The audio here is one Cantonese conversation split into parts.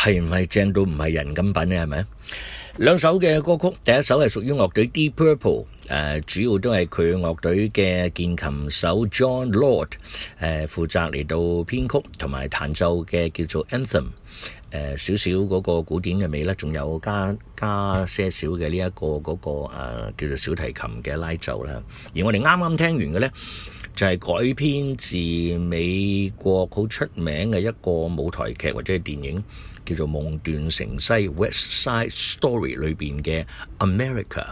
係唔係正到唔係人噉品咧？係咪啊？兩首嘅歌曲，第一首係屬於樂隊 Deep Purple，誒、呃，主要都係佢樂隊嘅鍵琴手 John Lord，誒、呃，負責嚟到編曲同埋彈奏嘅叫做 Anthem。誒少少嗰個古典嘅味咧，仲有加加些少嘅呢一個嗰、嗰個、呃、叫做小提琴嘅拉奏啦。而我哋啱啱聽完嘅呢，就係、係、改編自美國好出名嘅一個舞台劇或者係電影，叫做《夢斷城西》（West Side Story） 裏邊嘅《America》，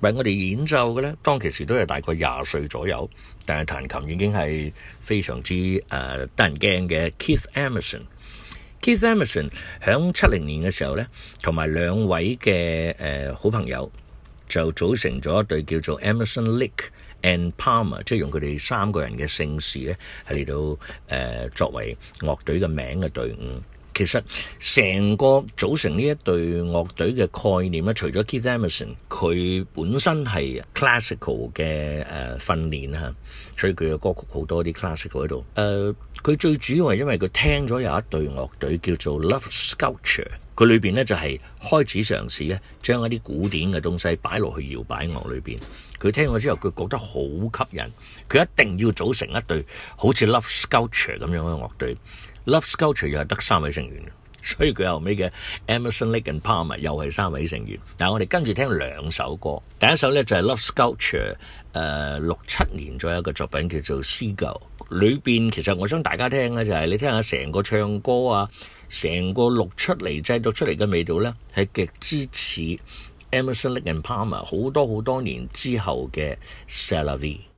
為我哋演奏嘅呢，當其時都係大概廿歲左右，但係彈琴已經係非常之誒得人驚嘅 Keith Emerson。Keith Emerson 喺七零年嘅時候呢同埋兩位嘅、呃、好朋友就組成咗一隊叫做 Emerson, Lake and Palmer，即係用佢哋三個人嘅姓氏呢，係嚟到、呃、作為樂隊嘅名嘅隊伍。其實成個組成呢一隊樂隊嘅概念咧，除咗 Keith Emerson，佢本身係 classical 嘅誒、呃、訓練啦，所以佢嘅歌曲好多啲 classical 喺度。誒、呃，佢最主要係因為佢聽咗有一隊樂隊叫做 Love Sculpture，佢裏邊咧就係、是、開始嘗試咧將一啲古典嘅東西擺落去搖擺樂裏邊。佢聽咗之後，佢覺得好吸引，佢一定要組成一隊好似 Love Sculpture 咁樣嘅樂隊。Love Sculpture 又係得三位成員，所以佢後尾嘅 Emerson Lake and Palmer 又係三位成員。嗱，我哋跟住聽兩首歌，第一首咧就係 Love Sculpture，誒、呃、六七年左右嘅作品叫做《Seagull》裏邊其實我想大家聽嘅就係、是、你聽下成個唱歌啊，成個錄出嚟製造出嚟嘅味道咧係極之似 Emerson Lake and Palmer 好多好多年之後嘅 C'est La Vie